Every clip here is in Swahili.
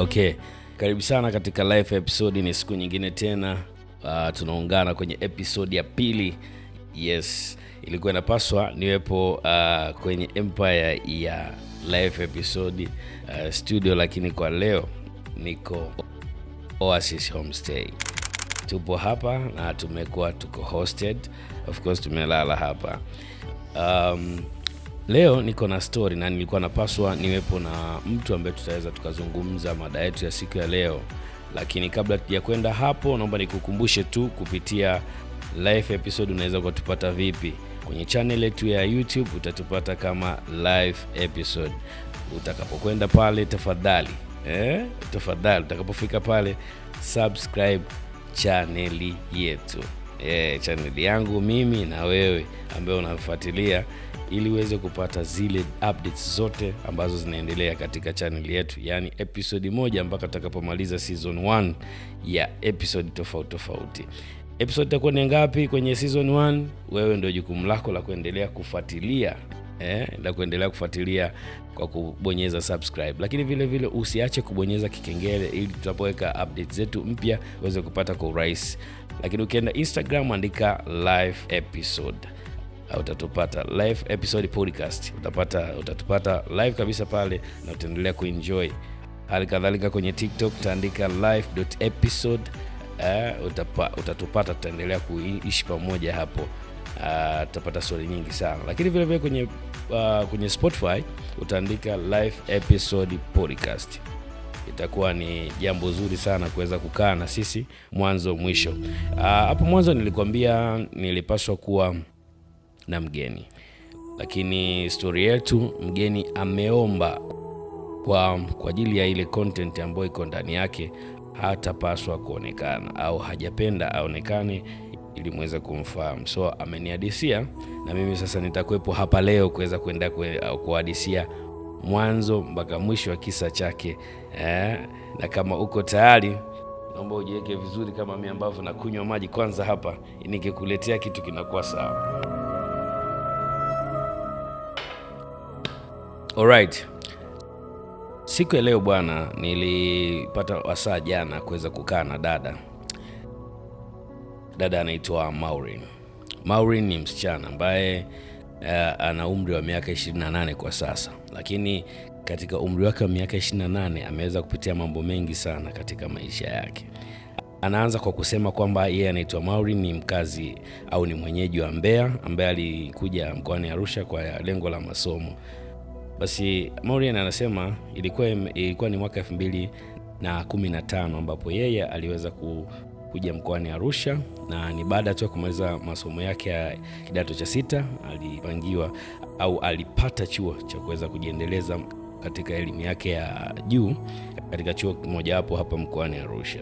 Okay, karibu sana katika live episode. Ni siku nyingine tena, uh, tunaungana kwenye episode ya pili. Yes, ilikuwa inapaswa niwepo uh, kwenye empire ya live episode uh, studio, lakini kwa leo niko Oasis Homestay. Tupo hapa na tumekuwa tuko hosted, of course tumelala hapa um, Leo niko na story na nilikuwa napaswa niwepo na mtu ambaye tutaweza tukazungumza mada yetu ya siku ya leo, lakini kabla ya kwenda hapo, naomba nikukumbushe tu kupitia live episode unaweza ukatupata vipi kwenye channel yetu ya YouTube utatupata kama live episode. Utakapokwenda pale tafadhali, eh, tafadhali utakapofika pale subscribe chaneli yetu, eh, chaneli yangu mimi na wewe ambaye unafuatilia ili uweze kupata zile updates zote ambazo zinaendelea katika channel yetu, yaani episodi moja mpaka tutakapomaliza season 1 ya episodi tofauti tofauti. Episodi itakuwa ni ngapi kwenye season 1? Wewe ndio jukumu lako la kuendelea kufuatilia eh, la kuendelea kufuatilia kwa kubonyeza subscribe, lakini vile vile usiache kubonyeza kikengele ili tutapoweka update zetu mpya uweze kupata kwa urahisi. Lakini ukienda Instagram andika live episode utatupata live episode podcast, utapata utatupata live kabisa pale na utaendelea kuenjoy. Hali kadhalika kwenye TikTok utaandika live uh, eh, utapa, utatupata, tutaendelea kuishi pamoja hapo ah, uh, stori nyingi sana, lakini vile kwenye, uh, kwenye Spotify utaandika live episode podcast itakuwa ni jambo zuri sana kuweza kukaa na sisi mwanzo mwisho. Ah, hapo mwanzo nilikwambia nilipaswa kuwa na mgeni, lakini stori yetu mgeni ameomba kwa kwa ajili ya ile content ambayo iko ndani yake hatapaswa kuonekana au hajapenda aonekane ili muweze kumfahamu. So amenihadisia na mimi sasa nitakuwepo hapa leo kuweza kuenda kuhadisia mwanzo mpaka mwisho wa kisa chake eh. Na kama uko tayari, naomba ujiweke vizuri kama mimi ambavyo nakunywa maji kwanza hapa, nikikuletea kitu kinakuwa sawa. Alright. Siku ya leo bwana, nilipata wasaa jana kuweza kukaa na dada. Dada anaitwa Maureen. Maureen ni msichana ambaye uh, ana umri wa miaka 28 kwa sasa, lakini katika umri wake wa miaka 28 ameweza kupitia mambo mengi sana katika maisha yake. Anaanza kwa kusema kwamba yeye anaitwa Maureen, ni mkazi au ni mwenyeji wa Mbeya ambaye alikuja mkoani Arusha kwa lengo la masomo basi Morian anasema ilikuwa, ilikuwa ni mwaka 2015 ambapo yeye aliweza ku kuja mkoani Arusha na ni baada tu ya kumaliza masomo yake ya kidato cha sita alipangiwa au alipata chuo cha kuweza kujiendeleza katika elimu yake ya juu katika chuo kimojawapo hapa mkoani Arusha.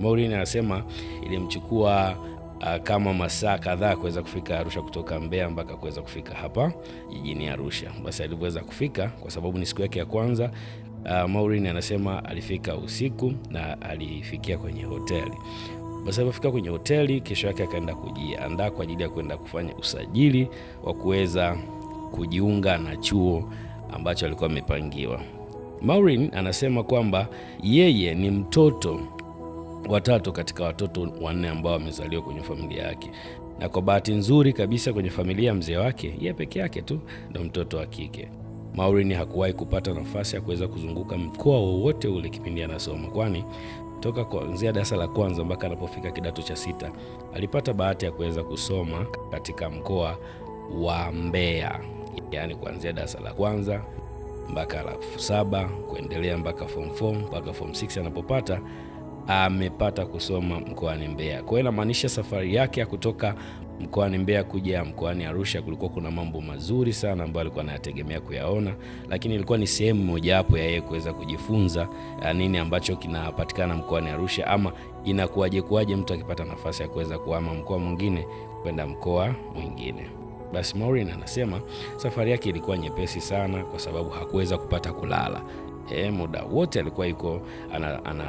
Maureen anasema ilimchukua Ah, kama masaa kadhaa kuweza kufika Arusha kutoka Mbeya mpaka kuweza kufika hapa jijini Arusha. Basi alipoweza kufika, kwa sababu ni siku yake ya kwanza, uh, ah, Maureen anasema alifika usiku na alifikia kwenye hoteli. Basi alipofika kwenye hoteli, kesho yake akaenda kujiandaa kwa ajili ya kwenda kufanya usajili wa kuweza kujiunga na chuo ambacho alikuwa amepangiwa. Maureen anasema kwamba yeye ni mtoto watatu katika watoto wanne ambao wamezaliwa kwenye familia yake, na kwa bahati nzuri kabisa kwenye familia ya mzee wake, yeye peke yake tu ndo mtoto wa kike. maurini hakuwahi kupata nafasi ya kuweza kuzunguka mkoa wowote ule kipindi anasoma, kwani toka kuanzia darasa la kwanza mpaka anapofika kidato cha sita alipata bahati ya kuweza kusoma katika mkoa wa Mbeya, yaani kuanzia darasa la kwanza mpaka la saba kuendelea mpaka form 4 mpaka form 6 anapopata amepata kusoma mkoani Mbeya. Kwa hiyo inamaanisha safari yake ya kutoka mkoani Mbeya kuja mkoani Arusha kulikuwa kuna mambo mazuri sana ambayo alikuwa anayategemea kuyaona, lakini ilikuwa ni sehemu mojawapo ya yeye kuweza kujifunza eh, nini ambacho kinapatikana mkoani Arusha, ama inakuwaje kuwaje mtu akipata nafasi ya kuweza kuhama mkoa mwingine kwenda mkoa mwingine. Basi Maureen anasema safari yake ilikuwa nyepesi sana kwa sababu hakuweza kupata kulala eh, muda wote alikuwa yuko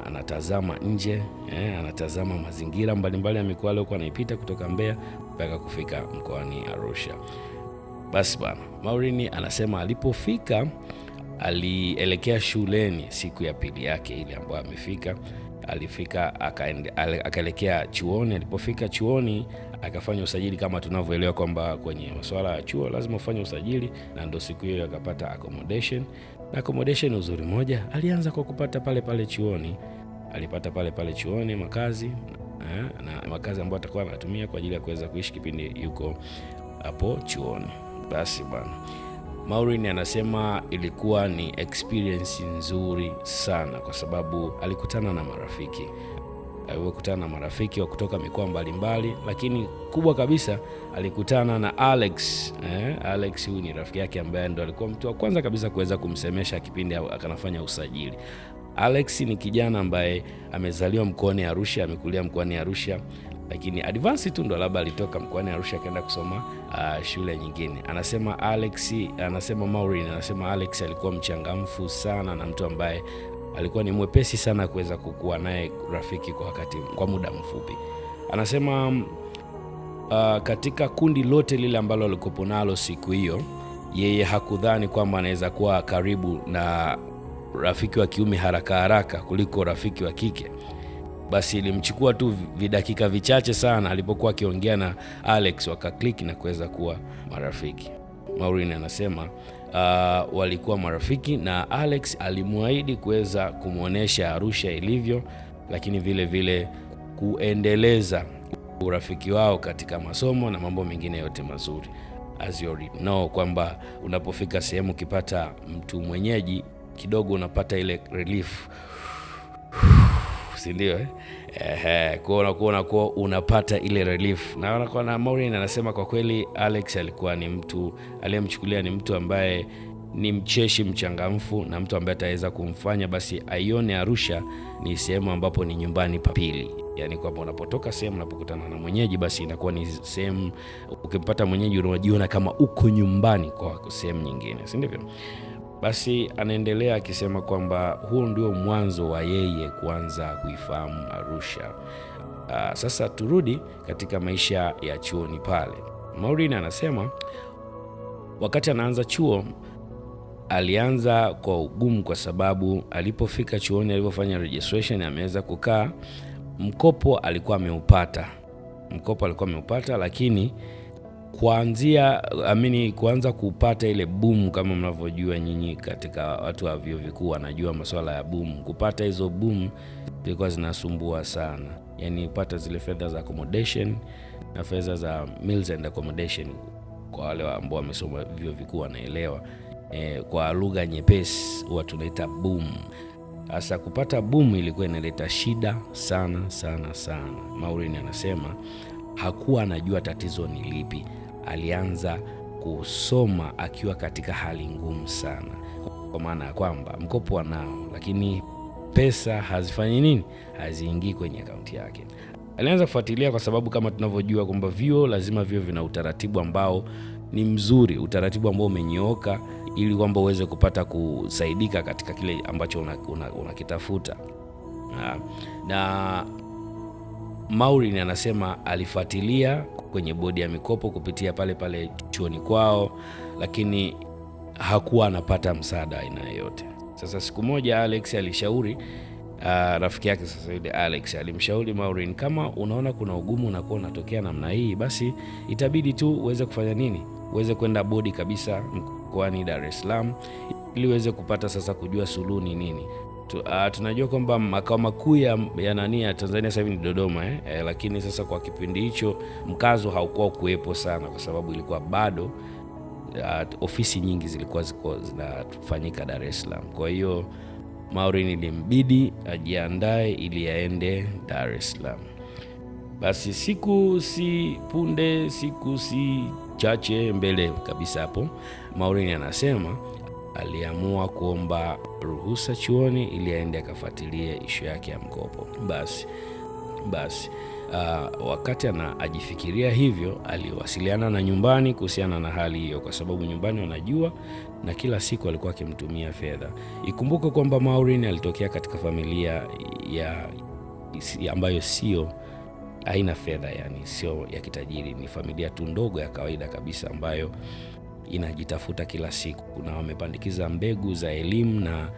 anatazama ana, ana nje eh, anatazama mazingira mbalimbali ya mikoa aliyokuwa anaipita kutoka Mbeya mpaka kufika mkoani Arusha. Basi bwana Maurini anasema alipofika alielekea shuleni siku ya pili yake ile ambayo amefika alifika akaelekea chuoni. Alipofika chuoni akafanya usajili, kama tunavyoelewa kwamba kwenye masuala ya chuo lazima ufanye usajili, na ndo siku hiyo akapata accommodation Accommodation uzuri moja alianza kwa kupata pale pale chuoni, alipata pale pale chuoni makazi na, eh, na makazi ambayo atakuwa anatumia kwa ajili ya kuweza kuishi kipindi yuko hapo chuoni. Basi bwana Maureen anasema ilikuwa ni experience nzuri sana kwa sababu alikutana na marafiki alivyokutana eh, na marafiki wa kutoka mikoa mbalimbali, lakini kubwa kabisa alikutana na Alex eh. Alex huyu ni rafiki yake ambaye ndo alikuwa mtu wa kwanza kabisa kuweza kumsemesha kipindi akanafanya usajili. Alex ni kijana ambaye amezaliwa mkoani Arusha, amekulia mkoani Arusha lakini advance tu ndo labda alitoka mkoani Arusha akaenda kusoma uh, shule nyingine. Anasema Alex, anasema Maureen, anasema Alex alikuwa mchangamfu sana na mtu ambaye alikuwa ni mwepesi sana kuweza kukuwa naye rafiki kwa wakati, kwa muda mfupi. Anasema uh, katika kundi lote lile ambalo alikopo nalo siku hiyo, yeye hakudhani kwamba anaweza kuwa karibu na rafiki wa kiume haraka haraka kuliko rafiki wa kike. Basi ilimchukua tu vidakika vichache sana alipokuwa akiongea na Alex, wakaklik na kuweza kuwa marafiki. Maureen anasema uh, walikuwa marafiki na Alex alimwahidi kuweza kumwonyesha Arusha ilivyo, lakini vile vile kuendeleza urafiki wao katika masomo na mambo mengine yote mazuri. As you already know kwamba unapofika sehemu ukipata mtu mwenyeji kidogo unapata ile relief si ndio eh? Ehe, kuona kuona kuwa unapata ile relief na anakuwa na Maureen anasema kwa kweli Alex alikuwa ni mtu aliyemchukulia ni mtu ambaye ni mcheshi mchangamfu, na mtu ambaye ataweza kumfanya basi aione Arusha ni sehemu ambapo ni nyumbani papili, yaani kwamba unapotoka sehemu, unapokutana na mwenyeji, basi inakuwa ni sehemu, ukimpata mwenyeji unajiona kama uko nyumbani kwa sehemu nyingine, si ndivyo? Basi anaendelea akisema kwamba huu ndio mwanzo wa yeye kuanza kuifahamu Arusha. Uh, sasa turudi katika maisha ya chuoni pale. Maureen anasema wakati anaanza chuo alianza kwa ugumu, kwa sababu alipofika chuoni, alipofanya registration, ameweza kukaa, mkopo alikuwa ameupata, mkopo alikuwa ameupata, lakini kuanzia amini kuanza kupata ile boom kama mnavyojua nyinyi katika watu wa vyuo vikuu wanajua masuala ya boom. Kupata hizo boom zilikuwa zinasumbua sana, yani upata zile fedha za accommodation na fedha za meals and accommodation, kwa wale ambao wamesoma vyuo vikuu wanaelewa. E, kwa lugha nyepesi huwa tunaita boom. hasa kupata boom ilikuwa inaleta shida sana sana sana. Maureen anasema hakuwa anajua tatizo ni lipi. Alianza kusoma akiwa katika hali ngumu sana, kwa maana ya kwamba mkopo anao, lakini pesa hazifanyi nini, haziingii kwenye akaunti yake. Alianza kufuatilia kwa sababu kama tunavyojua kwamba vyuo lazima viwe vina utaratibu ambao ni mzuri, utaratibu ambao umenyooka, ili kwamba uweze kupata kusaidika katika kile ambacho unakitafuta una, una na Maureen anasema alifuatilia kwenye bodi ya mikopo kupitia pale pale chuoni kwao, lakini hakuwa anapata msaada aina yoyote. Sasa siku moja Alex alishauri uh, rafiki yake sasa ile Alex alimshauri Maureen, kama unaona kuna ugumu unakuwa unatokea namna hii, basi itabidi tu uweze kufanya nini, uweze kwenda bodi kabisa mkoani Dar es Salaam ili uweze kupata sasa kujua suluhu ni nini tu, uh, tunajua kwamba makao makuu ya, ya nani ya Tanzania sasa hivi ni Dodoma eh? Eh, lakini sasa kwa kipindi hicho mkazo haukuwa kuwepo sana kwa sababu ilikuwa bado uh, ofisi nyingi zilikuwa ziko zinafanyika Dar es Salaam. Kwa hiyo Maureen ilimbidi ajiandae ili aende Dar es Salaam. Basi siku si punde, siku si chache mbele kabisa hapo Maureen anasema aliamua kuomba ruhusa chuoni ili aende akafuatilie ishu yake ya mkopo. Basi basi uh, wakati anajifikiria hivyo, aliwasiliana na nyumbani kuhusiana na hali hiyo, kwa sababu nyumbani wanajua na kila siku alikuwa akimtumia fedha. Ikumbuke kwamba Maureen alitokea katika familia ya, ya ambayo sio haina fedha, yani sio ya kitajiri, ni familia tu ndogo ya kawaida kabisa ambayo inajitafuta kila siku, na wamepandikiza mbegu za elimu na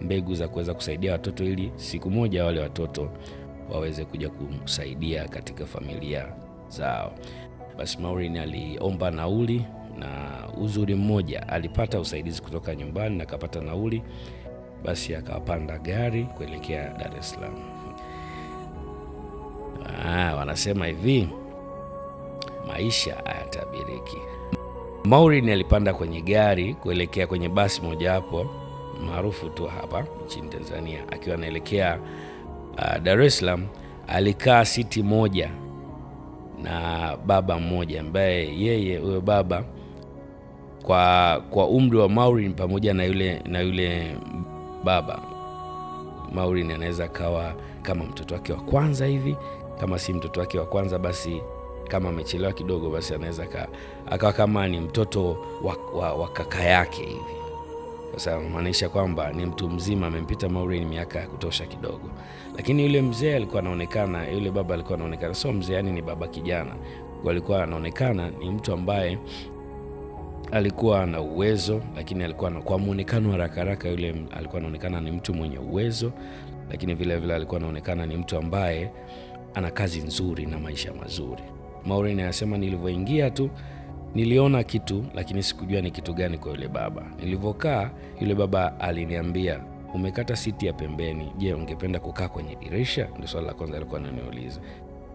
mbegu za kuweza kusaidia watoto ili siku moja wale watoto waweze kuja kumsaidia katika familia zao. Basi Maureen aliomba nauli na uzuri mmoja alipata usaidizi kutoka nyumbani na akapata nauli, basi akapanda gari kuelekea Dar es Salaam. Ah, wanasema hivi maisha hayatabiriki. Maureen alipanda kwenye gari kuelekea kwenye basi mojawapo maarufu tu hapa nchini Tanzania. Akiwa anaelekea uh, Dar es Salaam, alikaa siti moja na baba mmoja ambaye yeye huyo baba kwa, kwa umri wa Maureen pamoja na yule, na yule baba Maureen anaweza kawa kama mtoto wake wa kwanza hivi, kama si mtoto wake wa kwanza basi kama amechelewa kidogo, basi anaweza akawa kama ni mtoto wa, wa, wa kaka yake hivi sasa maanisha kwamba ni mtu mzima amempita Maureen miaka ya kutosha kidogo, lakini yule mzee alikuwa anaonekana, yule baba alikuwa anaonekana sio mzee, yani ni baba kijana, alikuwa anaonekana ni mtu ambaye alikuwa ana uwezo, lakini alikuwa kwa muonekano haraka haraka, yule alikuwa anaonekana ni mtu mwenye uwezo, lakini vile vile alikuwa anaonekana ni mtu ambaye ana kazi nzuri na maisha mazuri. Maureen anasema nilivyoingia tu niliona kitu, lakini sikujua ni kitu gani kwa yule baba. Nilivyokaa yule baba aliniambia umekata siti ya pembeni, je, ungependa kukaa kwenye dirisha? Ndio swali la kwanza alikuwa ananiuliza.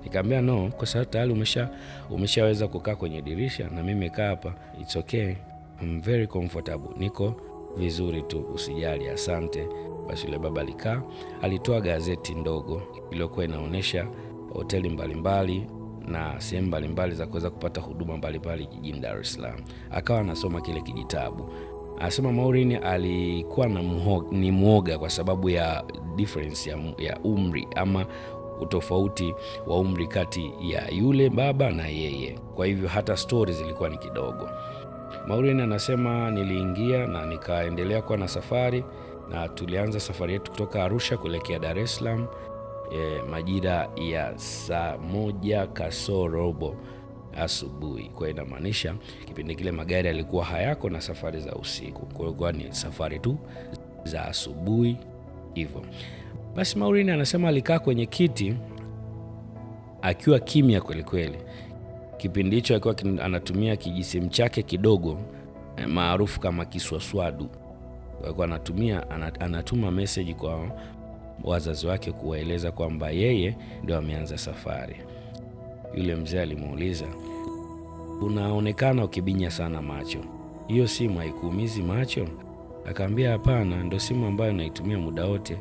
Nikamwambia no, kwa sababu tayari umesha umeshaweza kukaa kwenye dirisha na mimi kaa hapa, it's okay, I'm very comfortable, niko vizuri tu, usijali, asante. Basi yule baba alikaa, alitoa gazeti ndogo iliyokuwa inaonyesha hoteli mbalimbali na sehemu mbalimbali za kuweza kupata huduma mbalimbali jijini Dar es Salaam. Akawa anasoma kile kijitabu, anasema Maureen alikuwa na mhoga, ni mwoga kwa sababu ya difference ya, ya umri ama utofauti wa umri kati ya yule baba na yeye, kwa hivyo hata stori zilikuwa ni kidogo. Maureen anasema niliingia na nikaendelea kuwa na safari na tulianza safari yetu kutoka Arusha kuelekea Dar es Salaam e, majira ya saa moja robo asubuhi. Kwa hiyo inamaanisha kipindi kile magari yalikuwa hayako na safari za usiku, kwa hiyo ni safari tu za asubuhi hivyo. Basi Maurini anasema alikaa kwenye kiti akiwa kimya kwelikweli kipindi hicho, akiwa anatumia kijisimu chake kidogo eh, maarufu kama kiswaswadu, alikuwa anatumia anatuma meseji kwa wazazi wake kuwaeleza kwamba yeye ndio ameanza safari. Yule mzee alimuuliza, unaonekana ukibinya sana macho, hiyo simu haikuumizi macho? Akaambia, hapana, ndo simu ambayo naitumia muda wote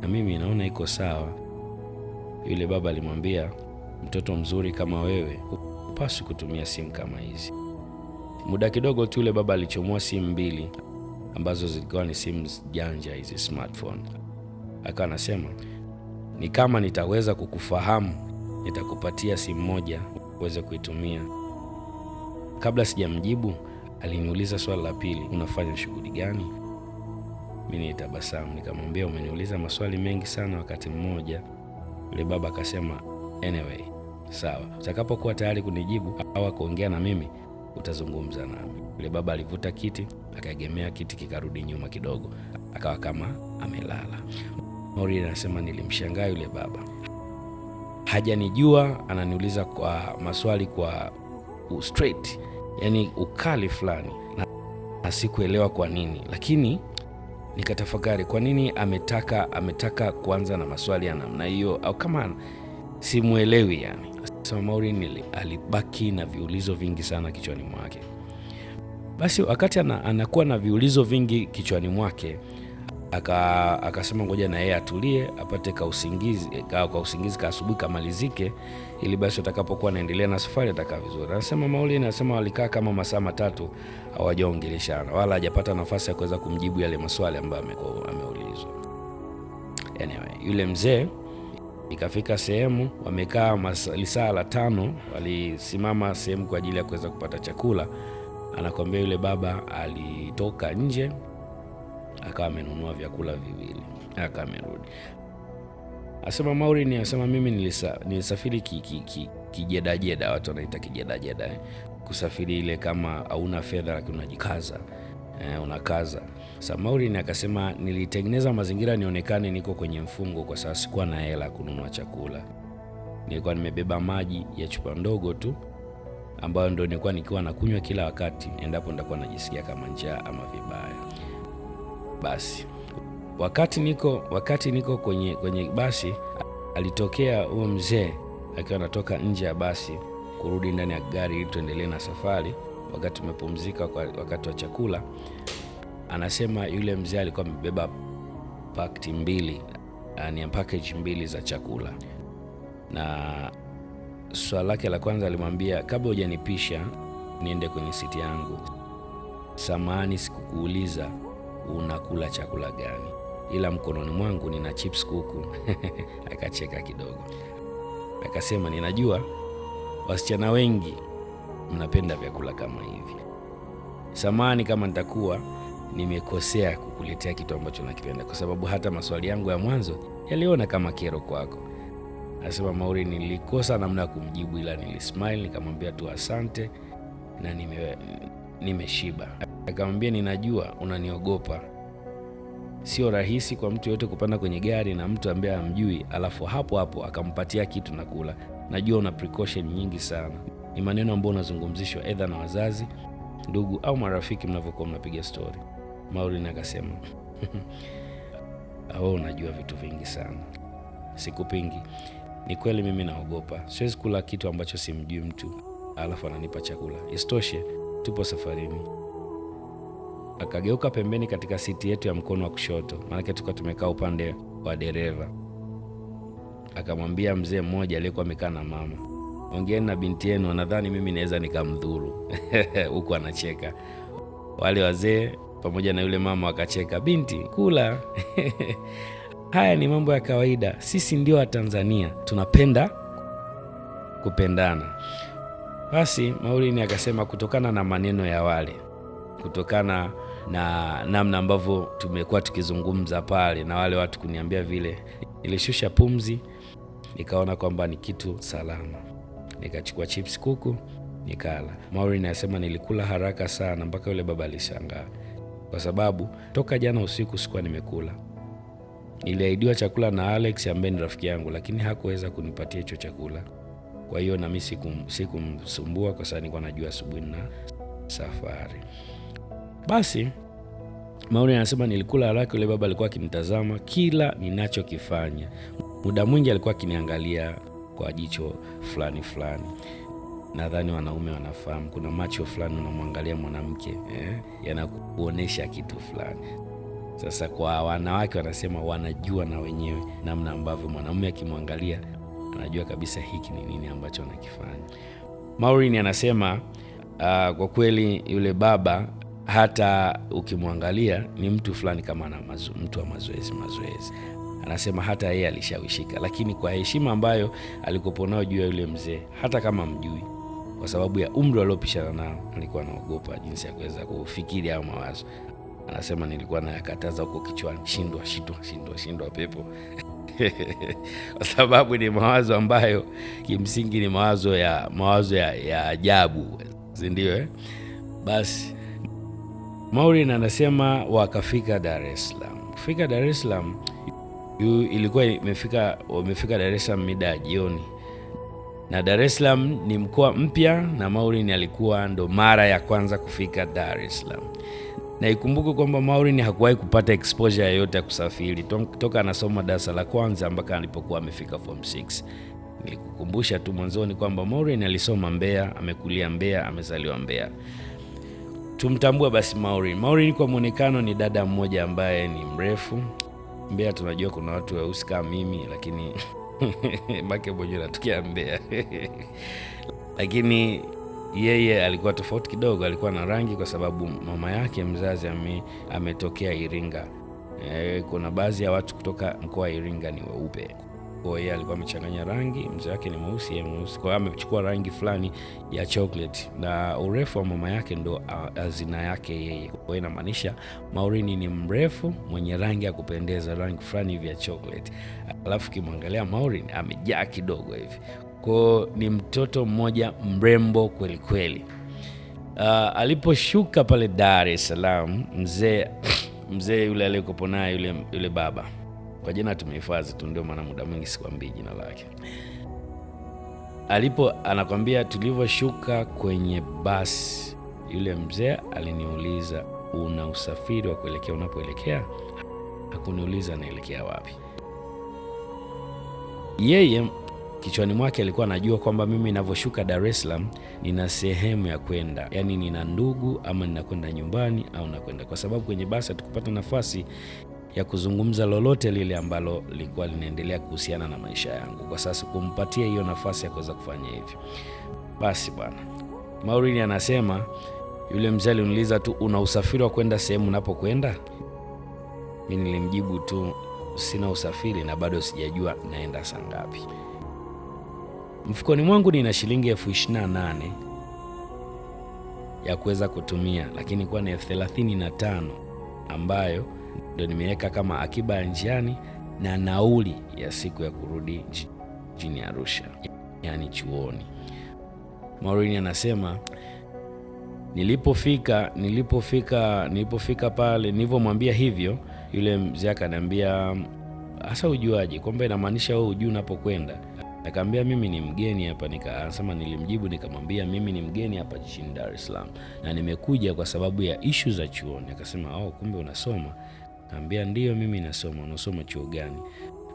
na mimi naona iko sawa. Yule baba alimwambia, mtoto mzuri kama wewe hupaswi kutumia simu kama hizi. Muda kidogo tu, yule baba alichomoa simu mbili ambazo zilikuwa ni simu janja hizi smartphone akawa anasema ni kama nitaweza kukufahamu, nitakupatia simu moja uweze kuitumia. Kabla sijamjibu aliniuliza swali la pili, unafanya shughuli gani? Mi nilitabasamu nikamwambia, umeniuliza maswali mengi sana wakati mmoja. Yule baba akasema, anyway, sawa, utakapokuwa tayari kunijibu au kuongea na mimi utazungumza nami. Yule baba alivuta kiti akaegemea kiti kikarudi nyuma kidogo, akawa kama amelala. Maureen anasema nilimshangaa yule baba, hajanijua ananiuliza kwa maswali kwa straight, yani ukali fulani, na sikuelewa kwa nini, lakini nikatafakari kwa nini ametaka ametaka kuanza na maswali ya namna hiyo, au kama simuelewi. yani. Sasa Maureen alibaki na viulizo vingi sana kichwani mwake. Basi wakati anakuwa na viulizo vingi kichwani mwake akasema ngoja na yeye atulie apate ka usingizi ka, kwa usingizi ka asubuhi kamalizike, ili basi atakapokuwa anaendelea na safari atakaa vizuri. Anasema Mauli anasema walikaa kama masaa matatu hawajaongeleshana wala hajapata nafasi ya kuweza kumjibu yale maswali ambayo ameulizwa. Anyway, yule mzee ikafika sehemu wamekaa lisaa la tano, walisimama sehemu kwa ajili ya kuweza kupata chakula. anakwambia yule baba alitoka nje akawa amenunua vyakula viwili, akawa amerudi. Asema Maureen, asema mimi nilisa, nilisafiri kijedajeda ki, ki, ki watu wanaita kijedajeda eh? Kusafiri ile kama hauna fedha lakini unajikaza eh, unakaza. Sa Maureen akasema nilitengeneza mazingira nionekane niko kwenye mfungo kwa sababu sikuwa na hela kununua chakula. Nilikuwa nimebeba maji ya chupa ndogo tu ambayo ndio nilikuwa nikiwa nakunywa kila wakati endapo nitakuwa najisikia kama njaa ama vibaya basi. Wakati niko, wakati niko kwenye, kwenye basi alitokea huyo mzee akiwa anatoka nje ya basi kurudi ndani ya gari ili tuendelee na safari. Wakati tumepumzika, wakati wa chakula, anasema yule mzee alikuwa amebeba pakti mbili, yani ah, package mbili za chakula, na swala lake la kwanza alimwambia, kabla hujanipisha niende kwenye siti yangu, samani sikukuuliza unakula chakula gani, ila mkononi mwangu nina chips kuku. Akacheka kidogo, akasema, ninajua wasichana wengi mnapenda vyakula kama hivi. Samahani kama nitakuwa nimekosea kukuletea kitu ambacho nakipenda, kwa sababu hata maswali yangu ya mwanzo yaliona kama kero kwako. Nasema Mauri, nilikosa namna ya kumjibu, ila nilismile nikamwambia tu asante na nime, nimeshiba. Akamwambia, ninajua unaniogopa. Sio rahisi kwa mtu yoyote kupanda kwenye gari na mtu ambaye hamjui, alafu hapo hapo akampatia kitu na kula. Najua una precaution nyingi sana. Ni maneno ambayo unazungumzishwa edha na wazazi, ndugu au marafiki mnavyokuwa mnapiga stori. Maureen akasema awe unajua vitu vingi sana, sikupingi. Ni kweli mimi naogopa, siwezi kula kitu ambacho simjui mtu alafu ananipa chakula. Isitoshe tupo safarini akageuka pembeni katika siti yetu ya mkono wa kushoto, maanake tulikuwa tumekaa upande wa dereva. Akamwambia mzee mmoja aliyekuwa amekaa na mama, ongeeni na binti yenu, nadhani mimi naweza nikamdhuru. Huku anacheka wale wazee pamoja na yule mama wakacheka, binti kula. Haya ni mambo ya kawaida, sisi ndio Watanzania, tunapenda kupendana. Basi Maulini akasema kutokana na maneno ya wale kutokana na namna ambavyo tumekuwa tukizungumza pale na wale watu kuniambia vile, nilishusha pumzi, nikaona kwamba ni kitu salama, nikachukua chips kuku nikala. Maureen anasema nilikula haraka sana mpaka yule baba alishangaa, kwa sababu toka jana usiku sikuwa nimekula. Niliahidiwa chakula na Alex ambaye ni rafiki yangu, lakini hakuweza kunipatia hicho chakula. Kwa hiyo nami sikumsumbua, kwa sababu nilikuwa najua asubuhi na safari. Basi Maoni anasema nilikula haraka. Yule baba alikuwa akinitazama kila ninachokifanya, muda mwingi alikuwa akiniangalia kwa jicho fulani fulani. Nadhani wanaume wanafahamu kuna macho fulani unamwangalia mwanamke eh, yanakuonyesha kitu fulani. Sasa kwa wanawake wanasema wanajua na wenyewe namna ambavyo mwanaume akimwangalia anajua kabisa hiki ni nini ambacho anakifanya. Maureen anasema uh, kwa kweli yule baba hata ukimwangalia ni mtu fulani kama na mazo, mtu wa mazoezi mazoezi. Anasema hata yeye alishawishika, lakini kwa heshima ambayo alikuwa nayo juu ya yule mzee, hata kama mjui, kwa sababu ya umri aliopishana nao, alikuwa anaogopa jinsi ya kuweza kufikiri au mawazo. Anasema nilikuwa nayakataza huko kichwani, shindwa shindwa shindwa shindwa pepo kwa sababu ni mawazo ambayo kimsingi ni mawazo ya mawazo ya ajabu, si ndio? Eh, basi Maureen anasema wakafika Dar es Salaam. Kufika Dar es Salaam ilikuwa imefika, wamefika Dar es Salaam mida ya jioni, na Dar es Salaam ni mkoa mpya, na Maureen alikuwa ndo mara ya kwanza kufika Dar es Salaam, na ikumbuke kwamba Maureen hakuwahi kupata exposure yoyote ya kusafiri toka anasoma darasa la kwanza mpaka alipokuwa amefika form 6. Nilikukumbusha tu mwanzoni kwamba Maureen alisoma Mbeya, amekulia Mbeya, amezaliwa Mbeya. Tumtambua basi Maureen. Maureen kwa mwonekano ni dada mmoja ambaye ni mrefu. Mbeya tunajua kuna watu weusi kama mimi, lakini make mwenyewe anatokea Mbeya lakini yeye alikuwa tofauti kidogo, alikuwa na rangi kwa sababu mama yake mzazi ame, ametokea Iringa. E, kuna baadhi ya watu kutoka mkoa wa Iringa ni weupe. Kwa hiyo alikuwa amechanganya rangi, mzee wake ni mweusi, yeye mweusi, kwa hiyo amechukua rangi fulani ya chocolate, na urefu wa mama yake ndo hazina yake yeye. Kwa hiyo inamaanisha Maurini ni mrefu mwenye rangi ya kupendeza, rangi fulani hivi ya chocolate, alafu kimwangalia Maureen amejaa kidogo hivi, kwao ni mtoto mmoja mrembo kweli kweli. Uh, aliposhuka pale Dar es Salaam mzee mzee yule aliyekopo naye yule, yule baba kwa jina tumehifadhi tu, ndio maana muda mwingi sikwambii jina lake. Alipo anakwambia tulivyoshuka kwenye basi, yule mzee aliniuliza una usafiri wa kuelekea unapoelekea? Hakuniuliza anaelekea wapi. Yeye kichwani mwake alikuwa anajua kwamba mimi ninavyoshuka Dar es Salaam nina sehemu ya kwenda, yaani nina ndugu ama ninakwenda nyumbani au nakwenda, kwa sababu kwenye basi hatukupata nafasi ya kuzungumza lolote lile ambalo lilikuwa linaendelea kuhusiana na maisha yangu kwa sasa, kumpatia hiyo nafasi ya kuweza kufanya hivyo. Basi bwana Maureen anasema yule mzee aliniuliza tu, una usafiri wa kwenda sehemu unapokwenda? Mi nilimjibu tu sina usafiri na bado sijajua naenda saa ngapi. Mfukoni mwangu nina shilingi elfu ishirini na nane ya kuweza kutumia, lakini kuwa ni elfu thelathini na tano ambayo ndo nimeweka kama akiba ya njiani na nauli ya siku ya kurudi jini Arusha, yani chuoni. Maureen anasema nilipofika nilipofika nilipofika pale, nilivyomwambia hivyo, yule mzee akaniambia, hasa ujuaje kwamba inamaanisha wewe ujui unapokwenda? Akaambia mimi ni mgeni hapa. Nikasema nilimjibu nikamwambia mimi ni mgeni hapa jijini Dar es Salaam na nimekuja kwa sababu ya ishu za chuoni. Akasema oh, kumbe unasoma. Kaambia ndiyo, mimi nasoma. Unasoma chuo gani?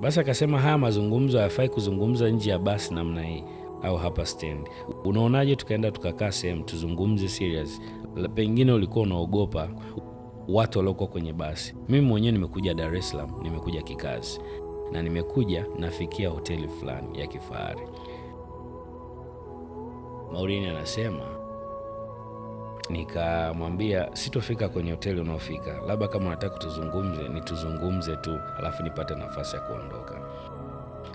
Basi akasema haya mazungumzo hayafai kuzungumza nje ya basi namna hii au hapa stendi. Unaonaje tukaenda tukakaa sehemu tuzungumze serious? Pengine ulikuwa unaogopa watu waliokuwa kwenye basi. Mimi mwenyewe nimekuja Dar es Salaam, nimekuja kikazi na nimekuja nafikia hoteli fulani ya kifahari. maurini anasema nikamwambia sitofika kwenye hoteli unaofika, labda kama unataka tuzungumze, nituzungumze tu, alafu nipate nafasi ya kuondoka.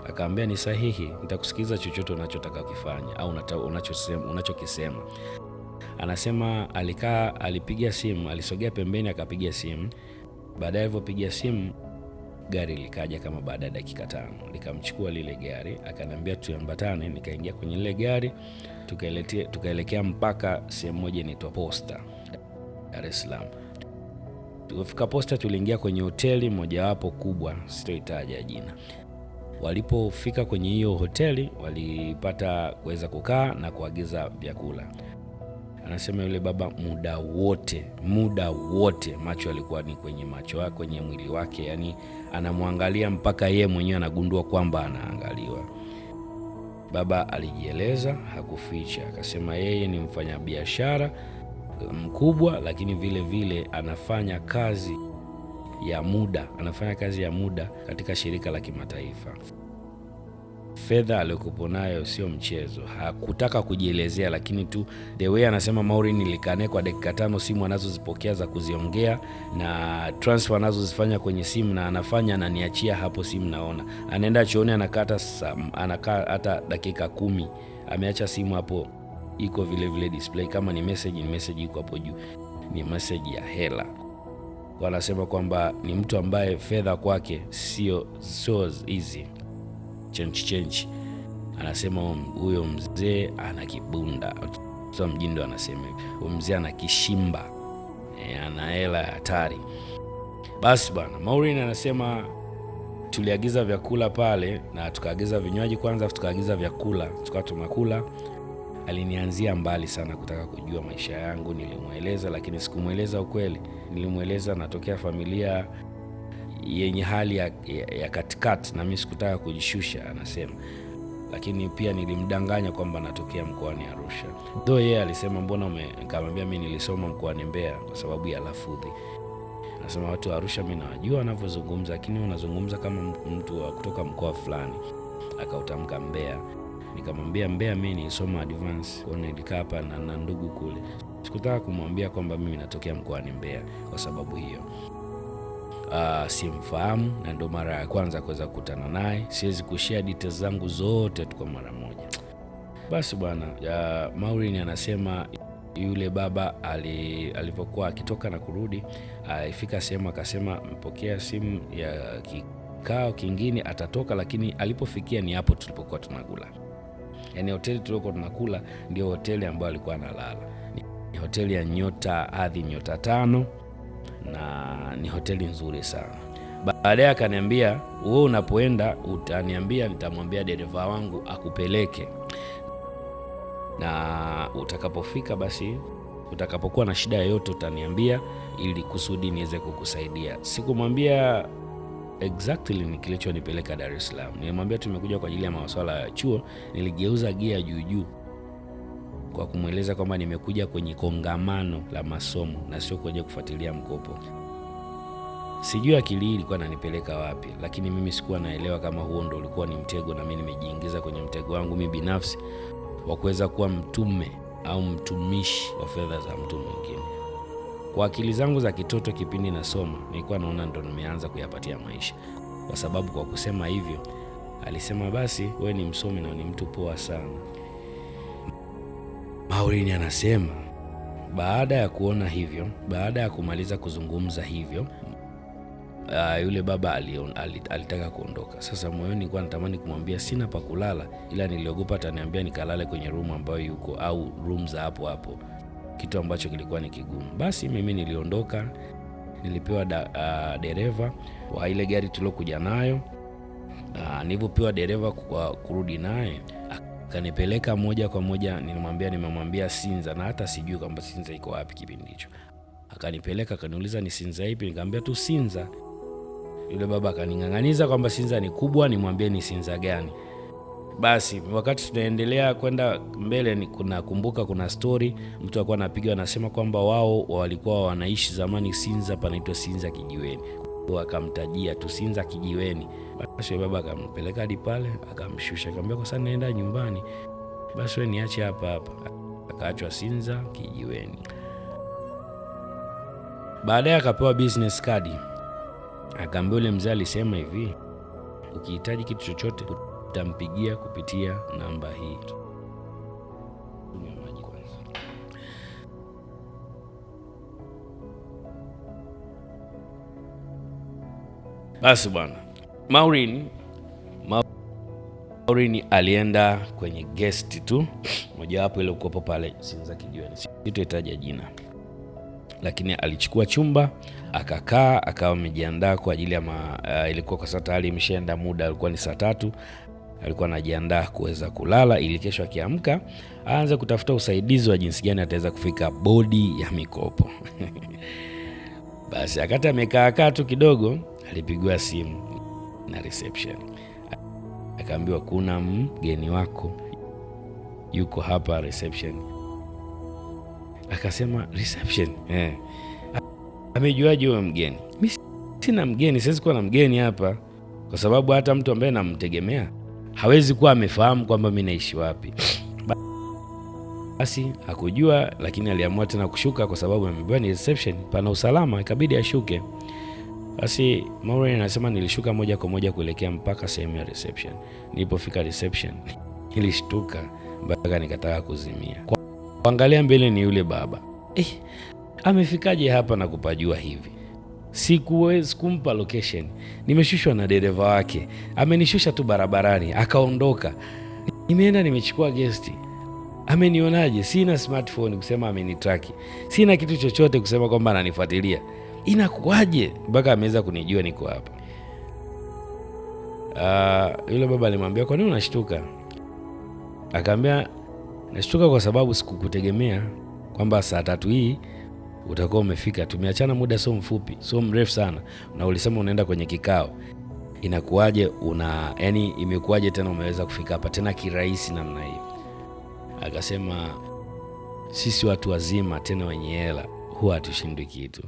Akaambia ni sahihi, nitakusikiliza chochote unachotaka kufanya au unachokisema, Anasema alikaa, alipiga simu, alisogea pembeni, akapiga simu. Baadaye alivyopiga simu gari likaja kama baada ya dakika tano, likamchukua lile gari, akaniambia tuambatane. Nikaingia kwenye lile gari, tukaelekea mpaka sehemu moja inaitwa Posta, Dar es Salaam. Tulipofika Posta, tuliingia kwenye hoteli mojawapo kubwa, sitoitaja jina. Walipofika kwenye hiyo hoteli, walipata kuweza kukaa na kuagiza vyakula. Anasema yule baba muda wote, muda wote macho alikuwa ni kwenye macho yake, kwenye mwili wake, yani anamwangalia mpaka ye mwenyewe anagundua kwamba anaangaliwa. Baba alijieleza, hakuficha, akasema yeye ni mfanyabiashara mkubwa, lakini vile vile anafanya kazi ya muda, anafanya kazi ya muda katika shirika la kimataifa fedha aliyokupo nayo sio mchezo. Hakutaka kujielezea, lakini tu the way anasema Mauri, nilikane kwa dakika tano, simu anazozipokea za kuziongea na transfer anazozifanya kwenye simu na anafanya ananiachia hapo, simu naona anaenda chooni, anakata anakaa hata dakika kumi, ameacha simu hapo iko vile vile display. Kama ni message, ni message iko hapo juu, ni message ya hela. Wanasema kwamba ni mtu ambaye fedha kwake sio so easy chenchi chenchi, anasema huyo mzee ana kibunda, a mjini ndo anasema hivi, huyo mzee ana kishimba e, ana hela hatari. Basi bwana Maureen anasema tuliagiza vyakula pale na tukaagiza vinywaji kwanza, afu tukaagiza vyakula, tukawa tunakula. Alinianzia mbali sana kutaka kujua maisha yangu. Nilimweleza, lakini sikumweleza ukweli. Nilimweleza natokea familia yenye hali ya, ya, ya katikati, na mimi sikutaka kujishusha, anasema lakini pia nilimdanganya kwamba natokea mkoani Arusha. Though yeye alisema mbona ume, nikamwambia mi nilisoma mkoani Mbeya kwa sababu ya lafudhi. Anasema watu wa Arusha mi nawajua wanavyozungumza, lakini unazungumza kama mtu wa kutoka mkoa fulani, akautamka Mbeya. Nikamwambia Mbeya mi nilisoma advance, kwao nilikaa hapa na ndugu kule. Sikutaka kumwambia kwamba mimi natokea mkoani Mbeya kwa sababu hiyo uh, simfahamu na ndo mara ya kwanza kuweza kukutana naye. Siwezi kushare details zangu zote tu kwa mara moja. Basi bwana, uh, Maureen anasema yule baba alivyokuwa akitoka na kurudi, alifika ah, uh, sehemu akasema mpokea simu ya kikao kingine atatoka, lakini alipofikia ni hapo tulipokuwa tunakula. Yaani hoteli tuliokuwa tunakula ndio hoteli ambayo alikuwa analala, ni hoteli ya nyota hadhi nyota tano na ni hoteli nzuri sana. Baadaye akaniambia wewe, unapoenda utaniambia, nitamwambia dereva wangu akupeleke, na utakapofika basi, utakapokuwa na shida yoyote utaniambia, ili kusudi niweze kukusaidia. Sikumwambia exactly ni kilichonipeleka Dar es Salaam, nilimwambia tumekuja kwa ajili ya masuala ya chuo. Niligeuza gia juu juu kwa kumweleza kwamba nimekuja kwenye kongamano la masomo na sio kuja kufuatilia mkopo. Sijui akili hii ilikuwa nanipeleka wapi, lakini mimi sikuwa naelewa kama huo ndo ulikuwa ni mtego na mimi nimejiingiza kwenye mtego wangu mimi binafsi wa kuweza kuwa mtume au mtumishi wa fedha za mtu mwingine. Kwa akili zangu za kitoto, kipindi nasoma nilikuwa naona ndo nimeanza kuyapatia maisha, kwa sababu kwa kusema hivyo alisema, basi wewe ni msomi na ni mtu poa sana. Pauline anasema baada ya kuona hivyo, baada ya kumaliza kuzungumza hivyo, uh, yule baba alion, alit, alitaka kuondoka. Sasa moyoni nilikuwa natamani kumwambia sina pa kulala, ila niliogopa ataniambia nikalale kwenye room ambayo yuko au room za hapo hapo, kitu ambacho kilikuwa ni kigumu. Basi mimi niliondoka, nilipewa da, uh, dereva wa ile gari tuliokuja nayo. Uh, ah, nilivyopewa dereva kurudi naye kanipeleka moja kwa moja, nilimwambia nimemwambia Sinza na hata sijui kwamba Sinza iko wapi kipindi hicho. Akanipeleka akaniuliza ni Sinza ipi, nikamwambia tu Sinza. Yule baba akaning'ang'aniza kwamba Sinza ni kubwa, nimwambie ni Sinza gani. Basi wakati tunaendelea kwenda mbele, ni kunakumbuka kuna stori mtu alikuwa anapiga anasema kwamba wao walikuwa wanaishi zamani Sinza, panaitwa Sinza Kijiweni akamtajia Tusinza Kijiweni. Basi baba akampeleka hadi pale akamshusha, akamwambia kwa sasa naenda nyumbani, basi wewe niache hapa hapa. Akaachwa Sinza Kijiweni. Baadaye akapewa business card, akaambia yule mzee alisema hivi, ukihitaji kitu chochote utampigia kupitia namba hii. Basi bwana Maureen, Maureen alienda kwenye guest tu mojawapo ile iliyokuwepo pale Sinza Kijiweni, sitoitaja jina, lakini alichukua chumba akakaa, akawa amejiandaa kwa ajili ya uh, ilikuwa kwa saa tayari imeshaenda muda, alikuwa ni saa tatu alikuwa anajiandaa kuweza kulala ili kesho akiamka aanze kutafuta usaidizi wa jinsi gani ataweza kufika bodi ya mikopo. Basi akati amekaa kaa tu kidogo alipigiwa simu na reception, akaambiwa kuna mgeni wako yuko hapa reception. Akasema reception, eh, amejuaje huyo mgeni? Mi sina mgeni, siwezi kuwa na mgeni hapa, kwa sababu hata mtu ambaye namtegemea hawezi kuwa amefahamu kwamba mi naishi wapi. Basi hakujua, lakini aliamua tena kushuka, kwa sababu amepewa ni reception, pana usalama, ikabidi ashuke. Basi Maureen anasema nilishuka moja kwa moja kuelekea mpaka sehemu ya reception. Nilipofika reception nilishtuka mpaka nikataka kuzimia. Kuangalia mbele ni yule baba eh, amefikaje hapa na kupajua hivi? Sikuwezi kumpa location, nimeshushwa na dereva wake, amenishusha tu barabarani akaondoka. Nimeenda nimechukua gesti, amenionaje? Sina smartphone kusema amenitraki, sina kitu chochote kusema kwamba ananifuatilia inakuwaje mpaka ameweza kunijua niko hapa? Uh, yule baba alimwambia kwa nini unashtuka? Akaambia nashtuka kwa sababu sikukutegemea kwamba saa tatu hii utakuwa umefika. Tumeachana muda sio mfupi, sio mrefu sana, na ulisema unaenda kwenye kikao. Inakuwaje una yani, imekuwaje tena umeweza kufika hapa tena kirahisi namna hiyo? Akasema sisi watu wazima tena wenye hela huwa hatushindwi kitu.